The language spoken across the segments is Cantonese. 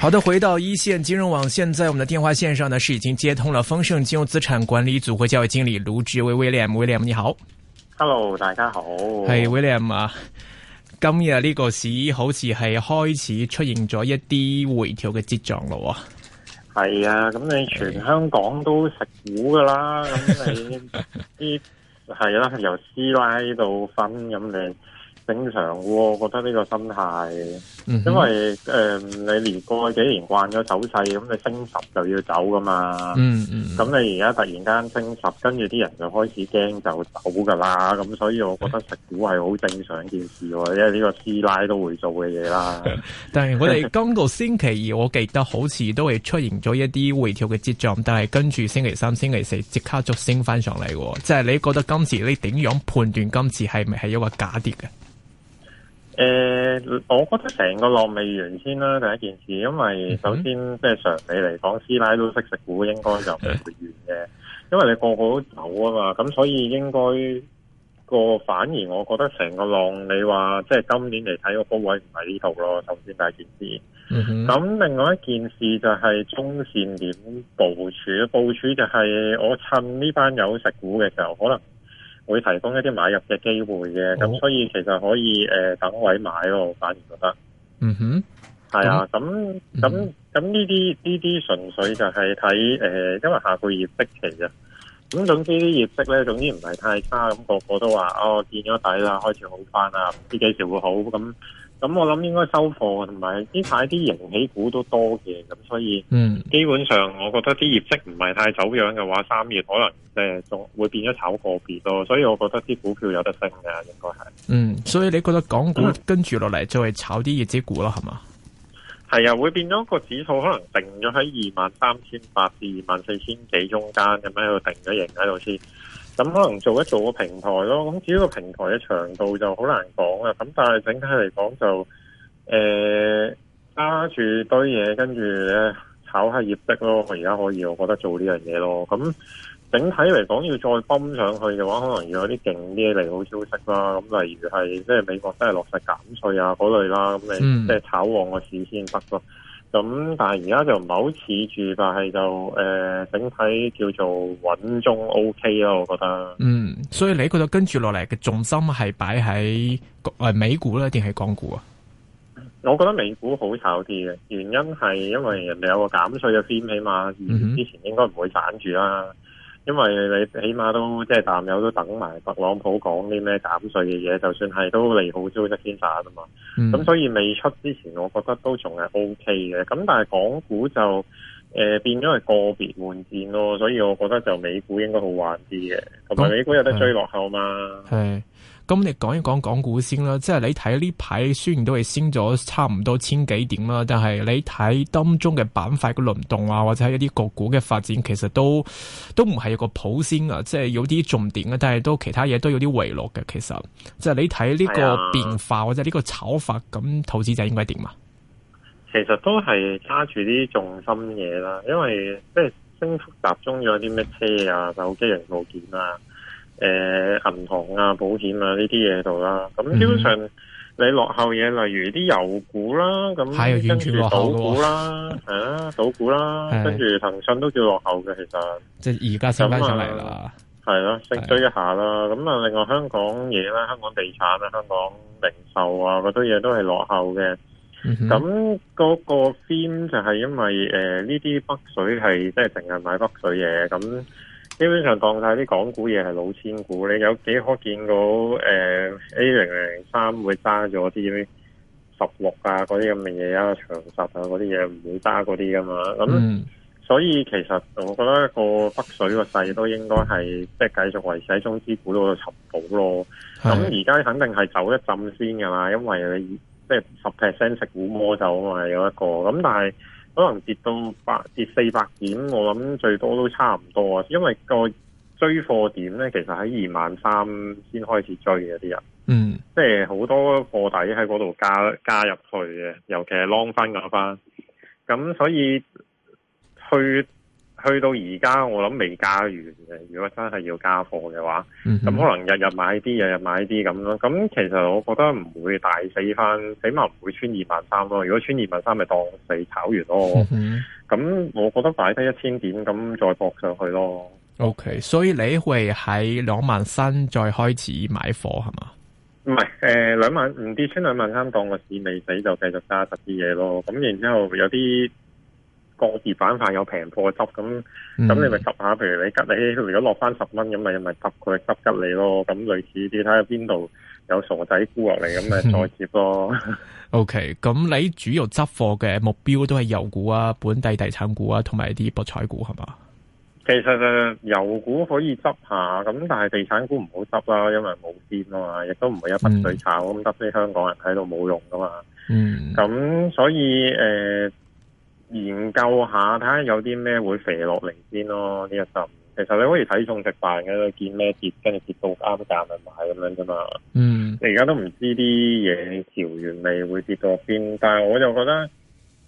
好的，回到一線金融網，現在我們的電話線上呢是已經接通了豐盛金融資產管理組合交易經理盧志威 William，William 你好，Hello，大家好，係、hey, William 啊，今日呢個市好似係開始出現咗一啲回調嘅跡象咯，係啊，咁你全香港都食糊噶啦，咁 Hey. 你啲係啦，由師奶度分咁你。正常喎，我覺得呢個心態，因為誒、mm hmm. 呃、你連過幾年慣咗手勢，咁你升十就要走噶嘛。咁、mm hmm. 你而家突然間升十，跟住啲人就開始驚就走噶啦。咁所以我覺得食糊係好正常一件事喎， 因為呢個師奶都會做嘅嘢啦。 但係我哋今個星期二，我記得好似都係出現咗一啲回調嘅跡象，但係跟住星期三、星期四即刻就升翻上嚟嘅。即係你覺得今次你點樣判斷今次係咪係一個假跌嘅？誒、呃，我覺得成個浪未完先啦，第一件事，因為首先、mm hmm. 即係常理嚟講，師奶都識食股，應該就未完嘅， 因為你個個都走啊嘛，咁所以應該個反而我覺得成個浪，你話即係今年嚟睇個高位唔喺呢度咯，首先第一件事。咁、mm hmm. 另外一件事就係中線點部署？部署就係我趁呢班有食股嘅時候，可能。會提供一啲買入嘅機會嘅，咁、oh. 所以其實可以誒、呃、等位買咯，我反而覺得，嗯哼、mm，係、hmm. 啊的，咁咁咁呢啲呢啲純粹就係睇誒，因為下個月息期啊，咁總之啲業績咧總之唔係太差，咁、那個個都話哦見咗底啦，開始好返啦，唔知幾時會好咁。咁我諗應該收貨，同埋呢排啲盈喜股都多嘅，咁所以基本上我覺得啲業績唔係太走樣嘅話，三月可能誒仲會變咗炒個別咯，所以我覺得啲股票有得升嘅，應該係。嗯，所以你覺得港股、嗯、跟住落嚟再炒啲業績股啦，係嘛？係啊，會變咗個指數可能定咗喺二萬三千八至二萬四千幾中間咁喺度定咗型喺度先。咁可能做一做一個平台咯，咁至於個平台嘅長度就好難講啊。咁但係整體嚟講就，誒、呃，揸住堆嘢跟住咧炒下業績咯。我而家可以，我覺得做呢樣嘢咯。咁、嗯、整體嚟講，要再泵上去嘅話，可能要有啲勁啲嘅利好消息啦。咁例如係即係美國真係落實減稅啊嗰類啦，咁你即係炒旺個市先得咯。咁但係而家就唔係好似住，但係就誒整體叫做穩中 OK 咯，我覺得。嗯，所以你覺得跟住落嚟嘅重心係擺喺誒美股咧，定係港股啊？我覺得美股好炒啲嘅，原因係因為人哋有個減稅嘅 theme 啊嘛，起碼之前應該唔會散住啦。因為你起碼都即係淡友都等埋特朗普講啲咩減稅嘅嘢，就算係都利好先得先散啊嘛。咁、嗯、所以未出之前，我覺得都仲係 O K 嘅。咁但係港股就誒、呃、變咗係個別換戰咯，所以我覺得就美股應該好玩啲嘅，同埋美股有得追落後嘛。係、嗯。咁你講一講港股先啦，即係你睇呢排雖然都係升咗差唔多千幾點啦，但係你睇當中嘅板塊嘅輪動啊，或者係一啲個股嘅發展，其實都都唔係一個普先啊，即係有啲重點啊，但係都其他嘢都有啲回落嘅。其實即係你睇呢個變化或者呢個炒法，咁投資者應該點啊？其實都係揸住啲重心嘢啦，因為即係升幅集中咗啲咩車機啊、手機零部件啦。誒，銀行啊、保險啊呢啲嘢度啦，咁基本上你落後嘢，例如啲油股啦，咁跟住賭股啦，係啦，賭股啦，跟住騰訊都叫落後嘅，其實即係而家升翻上嚟啦，係咯，升追一下啦。咁啊，另外香港嘢啦，香港地產啦，香港零售啊，嗰堆嘢都係落後嘅。咁嗰個 theme 就係因為誒呢啲北水係即係淨係買北水嘢咁。基本上當晒啲港股嘢係老千股，你有幾可見到誒、呃、A 零零零三會揸咗啲十六啊嗰啲咁嘅嘢啊、長實啊嗰啲嘢唔會揸嗰啲噶嘛。咁、嗯、所以其實我覺得個北水個勢都應該係即係繼續維持喺中資股度個尋寶咯。咁而家肯定係走一浸先噶嘛，因為你即係十 percent 食糊魔咒啊嘛，有一個咁，但係。可能跌到百跌四百點，我諗最多都差唔多啊，因為個追貨點咧，其實喺二萬三先開始追嘅啲人，嗯，即係好多貨底喺嗰度加加入去嘅，尤其係 long 翻翻，咁所以去。去到而家，我諗未加完嘅。如果真係要加貨嘅話，咁、嗯、哼可能日日買啲，日日買啲咁咯。咁其實我覺得唔會大死翻，起碼唔會穿二萬三咯。如果穿二萬三，咪當四炒完咯。咁、嗯、哼我覺得擺低一千點，咁再搏上去咯。OK，所以你會喺兩萬三再開始買貨係嘛？唔係，誒，兩、呃、萬唔跌穿兩萬三當個市未死，就繼續揸啲嘢咯。咁然之後有啲。個別板塊有平貨執，咁咁你咪執下。譬如你吉利，如果落翻十蚊，咁咪咪執佢執吉利咯。咁類似啲，睇下邊度有傻仔沽落嚟，咁咪再接咯。O K，咁你主要執貨嘅目標都係油股啊、本地地產股啊，同埋啲博彩股係嘛？其實誒油股可以執下，咁但係地產股唔好執啦，因為冇錢啊嘛，亦都唔係一筆水炒咁，得啲、嗯、香港人喺度冇用噶嘛。嗯，咁所以誒。呃研究下，睇下有啲咩會肥落嚟先咯。呢一陣，其實你可以睇重食飯嘅，見咩跌，跟住跌到啱價咪買咁樣啫嘛。嗯，你而家都唔知啲嘢調完未會跌到邊，但係我就覺得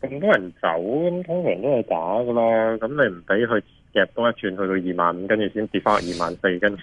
咁多人走，咁通常都係假噶啦。咁你唔俾佢夾多一轉，去到二萬五，跟住先跌翻二萬四，跟住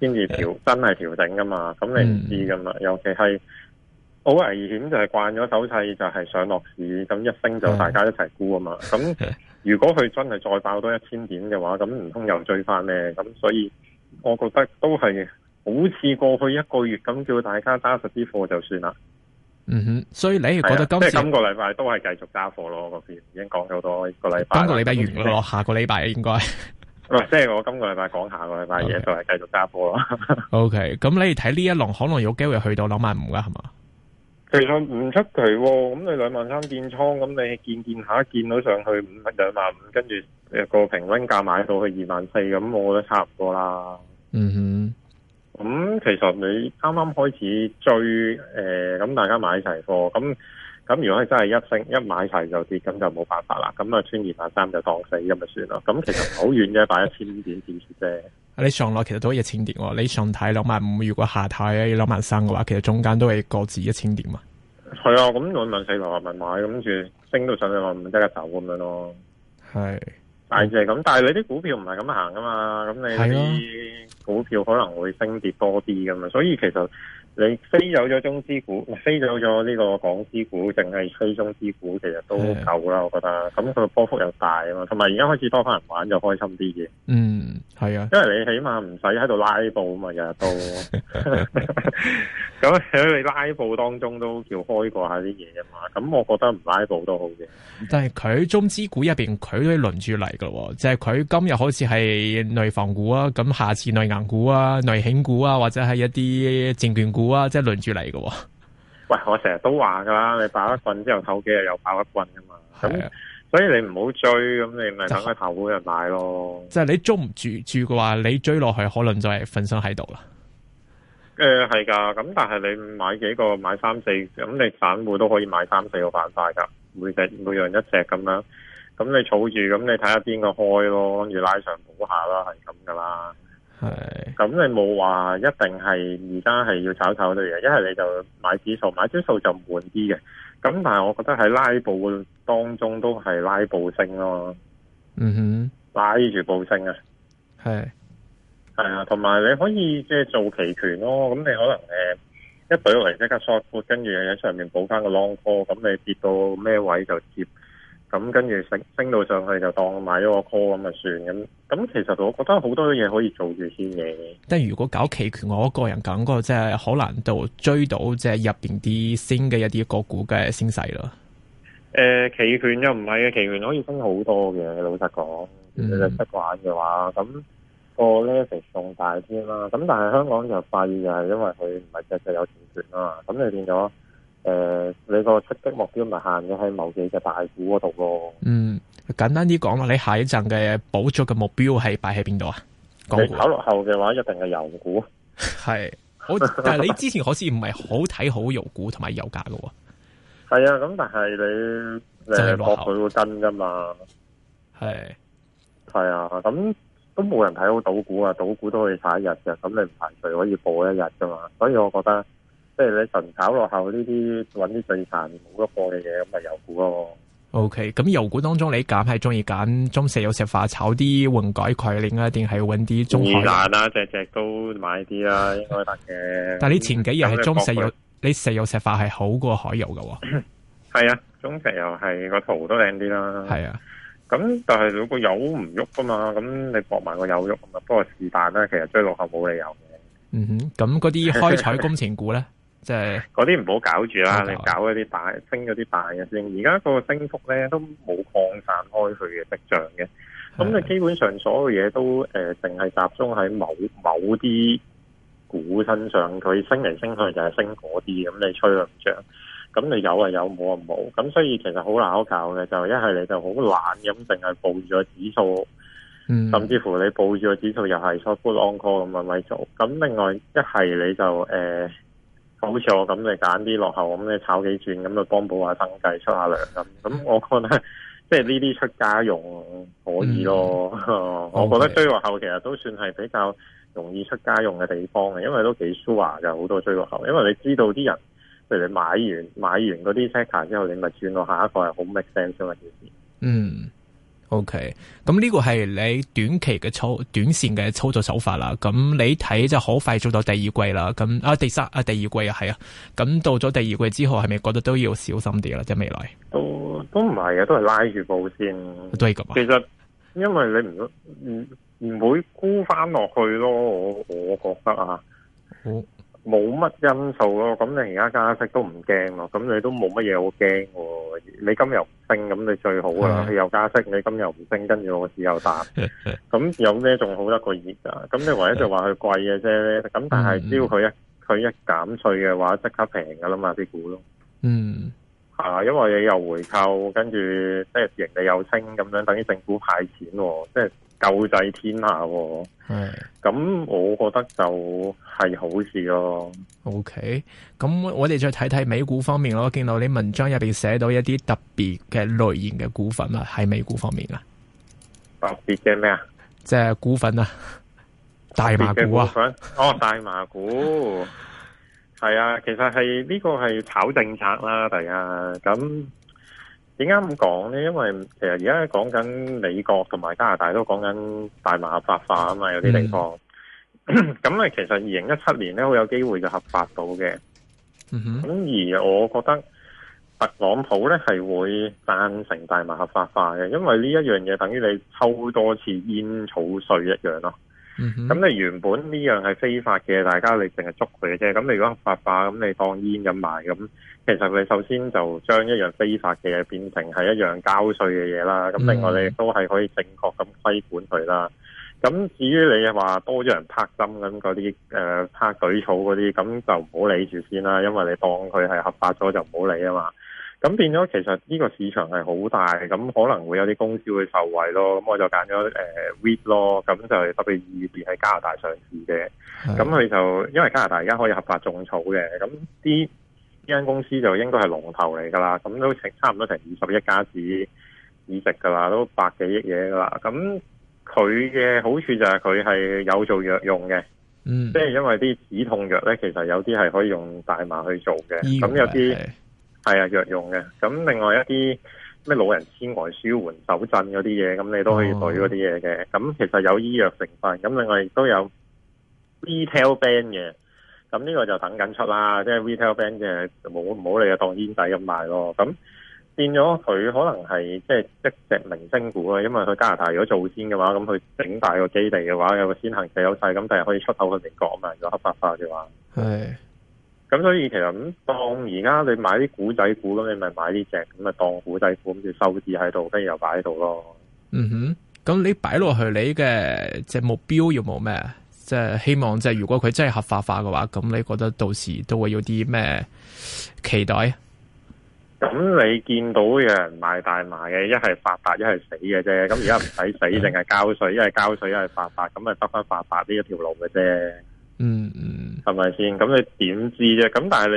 先至調，真係調整噶嘛。咁你唔知噶嘛，嗯、尤其係。好危險就係慣咗手勢就係、是、上落市咁，一升就大家一齊沽啊嘛咁 如果佢真係再爆多一千點嘅話，咁唔通又追翻咩咁？所以我覺得都係好似過去一個月咁叫大家揸實啲貨就算啦。嗯哼，所以你覺得今即係今個禮拜都係繼續加貨咯，嗰邊已經講咗多個禮拜，今個禮拜完咯、就是、下個禮拜應該即係我今個禮拜講下個禮拜嘢就係繼續加貨咯 O K，咁你睇呢一輪可能有機會去到兩萬五噶係嘛？其實唔出奇喎、哦，咁你兩萬三建倉，咁你見見下，見到上去五蚊兩萬五，跟住誒個平均價買到去二萬四，咁我覺得差唔多啦。嗯哼，咁其實你啱啱開始追誒，咁、呃、大家買齊貨，咁咁如果真係一升一買齊就跌，咁就冇辦法啦。咁啊，穿二萬三就當四，咁咪算咯。咁其實好遠啫，擺一千點點啫。啊、你上落其實都一千點喎，你上睇兩萬五，如果下睇要兩萬三嘅話，其實中間都係各自一千點啊。係、嗯、啊，咁兩萬四兩萬五買，跟住升到上去兩萬五即刻走咁樣咯。係，大致係咁，但係你啲股票唔係咁行噶嘛，咁你啲股票可能會升跌多啲噶嘛，所以其實。你飛走咗中資股，飛走咗呢個港資股，淨係吹中資股，其實都夠啦，我覺得。咁佢波幅又大啊嘛，同埋而家開始多返人玩就開心啲嘅。嗯，係啊，因為你起碼唔使喺度拉布啊嘛，日日都。 咁喺你拉布當中都叫開過下啲嘢啊嘛，咁我覺得唔拉布都好，哦就是，好嘅。但係佢中資股入邊，佢都輪住嚟噶，即係佢今日好似係內房股啊，咁下次內銀股啊，內險股啊，或者係一啲證券股啊，即係輪住嚟噶。喂，我成日都話噶啦，你爆一棍之後，唞幾日又爆一棍噶嘛。係啊，所以你唔好追，咁你咪等佢頭先又買咯。即係，就是就是，你捉唔住住嘅話，你追落去可能就係瞓身喺度啦。誒，係噶，呃，咁但係你買幾個，買三四，咁你散戶都可以買三四個板塊噶，每隻每樣一隻咁樣，咁你儲住，咁你睇下邊個開咯，跟住拉上補下啦，係咁噶啦。係是，咁你冇話一定係而家係要炒炒啲嘢，一係你就買指數，買指數就滿啲嘅。咁但係我覺得喺拉布當中都係拉布升咯。嗯哼，拉住布升啊，係。係啊，同埋你可以即係做期權咯、哦。咁你可能誒，一買落嚟即刻 short 跟住喺上面補翻個 long call，咁你跌到咩位就接，咁跟住升升到上去就當買咗個 call 咁啊算咁。咁其實我覺得好多嘢可以做住先嘅。但係如果搞期權，我個人感覺即係好難度追到即係入邊啲升嘅一啲個股嘅升勢咯。誒、呃，期權又唔係嘅，期權可以升好多嘅。老實講，你哋識玩嘅話咁。個咧成重大啲啦，咁但係香港就反而就係因為佢唔係只隻有錢賺啦，咁你變咗誒，你個出擊目標咪限咗喺某幾隻大股嗰度咯？嗯，簡單啲講咯，你下一陣嘅捕捉嘅目標係擺喺邊度啊？港股跑落後嘅話，一定係油股。係， 啊，但係你之前好似唔係好睇好油股同埋油價嘅喎。係 啊，咁但係你誒，落佢個跟噶嘛？係係啊，咁。 都冇人睇好賭股啊，賭股都可以踩一日嘅，咁你唔排除可以破一日噶嘛？所以我覺得，即係你純炒落後呢啲，揾啲最殘冇得過嘅嘢，咁咪油股咯。O K，咁油股當中你揀係中意揀中石油石化炒啲混改概念啊，定係揾啲中海油啊？隻隻都買啲啦，應該得嘅。但係你前幾日係中石油， 你石油石化係好過海油噶，啊？係 啊，中石油係個圖都靚啲啦。係啊。咁但係嗰個油唔喐噶嘛，咁你搏埋個有喐，不過是但啦。其實追落後冇理由嘅。嗯哼，咁嗰啲開採工程股咧， 即係嗰啲唔好搞住啦，搞你搞嗰啲大升嗰啲大嘅先。而家個升幅咧都冇擴散開去嘅迹象嘅，咁你的基本上所有嘢都誒，淨、呃、係集中喺某某啲股身上，佢升嚟升去就係升嗰啲，咁你吹佢唔漲。咁你有啊有，冇啊冇，咁所以其實好難可嘅，就一係你就好懶咁，淨係報住個指數，嗯、甚至乎你報住個指數又係 short n call 咁咪咪做。咁、嗯、另外一係你就誒、呃，好似我咁你揀啲落後咁，你炒幾轉咁就幫補下生計出下糧咁。咁我覺得 即係呢啲出家用可以咯。嗯、 我覺得追落後其實都算係比較容易出家用嘅地方嘅，因為都幾舒 u r 嘅，好多追落後，因為你知道啲人。 譬如你買完買完嗰啲 sector 之後，你咪轉到下一、嗯 okay。個係好 make sense 嘅一件事。嗯，OK，咁呢個係你短期嘅操短線嘅操作手法啦。咁你睇就好快做到第二季啦。咁啊第三啊第二季啊係啊。咁到咗第二季之後，係咪覺得都要小心啲啦？即係未來都都唔係啊，都係拉住布先。都係咁。其實因為你唔唔唔會沽翻落去咯，我我覺得啊。哦冇乜因素咯，咁你而家加息都唔驚咯，咁你都冇乜嘢好驚。你今日唔升，咁你最好啦。Yeah. 佢又加息，你今日唔升，跟住我市又彈。咁 有咩仲好得過熱噶？咁你唯一就話佢貴嘅啫。咁但係只要佢一佢一減稅嘅話，即刻平噶啦嘛啲股咯。嗯，mm. 啊，因為你又回購，跟住即係盈利又清，咁樣等於政府派錢咯，即係。救濟天下喎，啊，係咁是，我覺得就係好事咯，啊。OK，咁我哋再睇睇，美股方面咯。見到你文章入邊寫到一啲特別嘅類型嘅股份啦，啊，喺美股方面啊，特別嘅咩啊？即係股份啊， 大麻股啊，哦，oh, 大麻股，係 啊，其實係呢個係炒政策啦，啊，大家咁。點解咁講呢？因為其實而家講緊美國同埋加拿大都講緊大麻合法化啊嘛，有啲地方。咁咧、mm hmm. 其實二零一七年呢好有機會嘅合法到嘅。咁、mm hmm. 而我覺得特朗普呢係會贊成大麻合法化嘅，因為呢一樣嘢等於你抽多次煙草稅一樣咯。咁、嗯、你原本呢樣係非法嘅，大家你淨係捉佢嘅啫。咁你如果合法化，咁你當煙咁賣，咁其實你首先就將一樣非法嘅嘢變成係一樣交稅嘅嘢啦。咁另外你都係可以正確咁規管佢啦。咁至於你話多咗人拍針咁嗰啲誒拍舉草嗰啲，咁就唔好理住先啦。因為你當佢係合法咗就唔好理啊嘛。咁變咗，其實呢個市場係好大，咁可能會有啲公司會受惠咯。咁我就揀咗誒 e 誒瑞咯，咁、呃、就係特別二月喺加拿大上市嘅。咁佢的就因為加拿大而家可以合法種草嘅，咁啲呢間公司就應該係龍頭嚟噶啦。咁都成差唔多成二十億加紙市值噶啦，都百幾億嘢噶啦。咁佢嘅好處就係佢係有做藥用嘅，嗯，即係因為啲止痛藥咧，其實有啲係可以用大麻去做嘅，咁、嗯、有啲。係啊，藥用嘅。咁另外一啲咩老人痴呆舒緩手震嗰啲嘢，咁你都可以對嗰啲嘢嘅。咁、哦、其實有醫藥成分，咁另外亦都有 retail band 嘅。咁呢個就等緊出啦，即、就、係、是、retail band 嘅冇，唔好理啊當煙仔咁賣咯。咁變咗佢可能係即係一隻明星股啊，因為佢加拿大如果做先嘅話，咁佢整大個基地嘅話，有個先行嘅優勢，咁第日可以出口去美國啊嘛。如果合法化嘅話，係。咁所以其實咁當而家你買啲古仔股咁，你咪買呢隻咁咪當古仔股咁，收就收字喺度，跟住又擺喺度咯。嗯哼，咁你擺落去你嘅即目標要冇咩？即係希望即係如果佢真係合法化嘅話，咁你覺得到時都會有啲咩期待？咁你見到有人賣大麻嘅，一係發達，一係死嘅啫。咁而家唔使死，淨係交稅，一係交稅，一係發達，咁咪得翻發達呢一,一條路嘅啫。嗯嗯，係咪先？咁、hmm。你點知啫？咁但係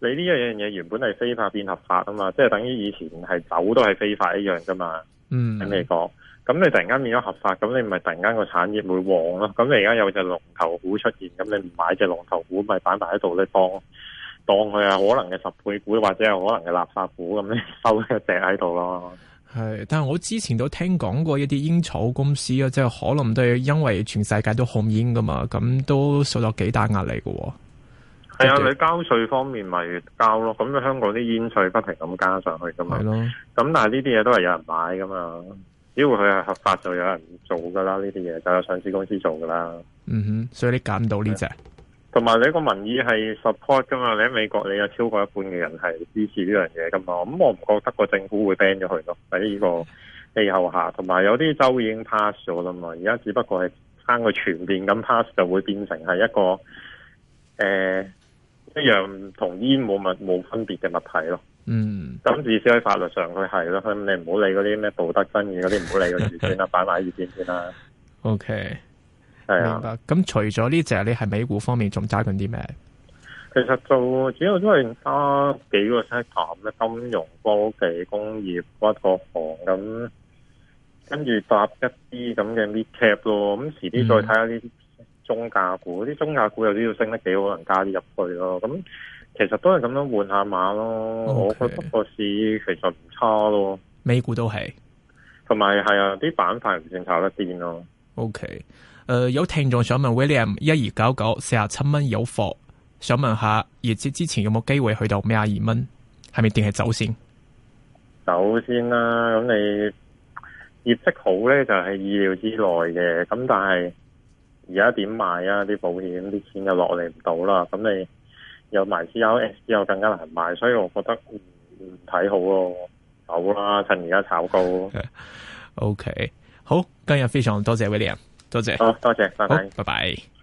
你你呢樣嘢原本係非法變合法啊嘛，即係等於以前係走都係非法一樣噶嘛。嗯、mm，咁你講，咁你突然間變咗合法，咁你咪突然間個產業會旺咯。咁你而家有隻龍頭股出現，咁你唔買隻龍頭股，咪擺埋喺度咧，當當佢係可能嘅十倍股或者係可能嘅垃圾股，咁咧收一隻喺度咯。係，但係我之前都聽講過一啲煙草公司啊，即係可能都係因為全世界都控煙噶嘛，咁都受到幾大壓力嘅。係啊的，對對，你交稅方面咪交咯，咁香港啲煙稅不停咁加上去噶嘛。係咯的，咁但係呢啲嘢都係有人買噶嘛，只要佢係合法就有人做噶啦。呢啲嘢就有上市公司做噶啦。嗯哼，所以你揀到呢隻。同埋你個民意係 support 噶嘛？你喺美國你有超過一半嘅人係支持呢樣嘢噶嘛？咁、嗯、我唔覺得個政府會 ban 咗佢咯。喺呢個氣候下，同埋有啲州已經 pass 咗啦嘛。而家只不過係翻佢全面咁 pass，就會變成係一個誒、呃、一樣同煙冇物冇分別嘅物體咯。嗯，咁至少喺法律上佢係咯。咁你唔好理嗰啲咩道德爭議嗰啲，唔好理佢，算啦， 擺埋一邊先啦。O K。係啊，咁除咗呢隻，你係美股方面仲揸緊啲咩？其實就主要都係揸幾個 sector 啦，金融、科技、工業、國防咁，跟住搭一啲咁嘅 mid cap 咯。咁遲啲再睇下啲中價股，啲中價股有啲要升得幾好，可能加啲入去咯。咁其實都係咁樣換下碼咯。Okay, 我覺得個市其實唔差咯，美股都係，同埋係啊，啲板塊唔算炒得癲咯。OK。誒、呃，有聽眾想問 William，一二九九四十七蚊有貨，想問下業績之前有冇機會去到咩二蚊？係咪定係走先，啊？走先啦，咁你業績好咧就係意料之內嘅，咁但係而家點賣啊？啲保險啲錢就落嚟唔到啦，咁你有埋 COS 之後又更加難賣，所以我覺得唔睇好咯，啊，走啦，趁而家炒高。Okay. OK，好，今日非常多謝、謝 William。多謝，好，多謝，拜拜，拜拜。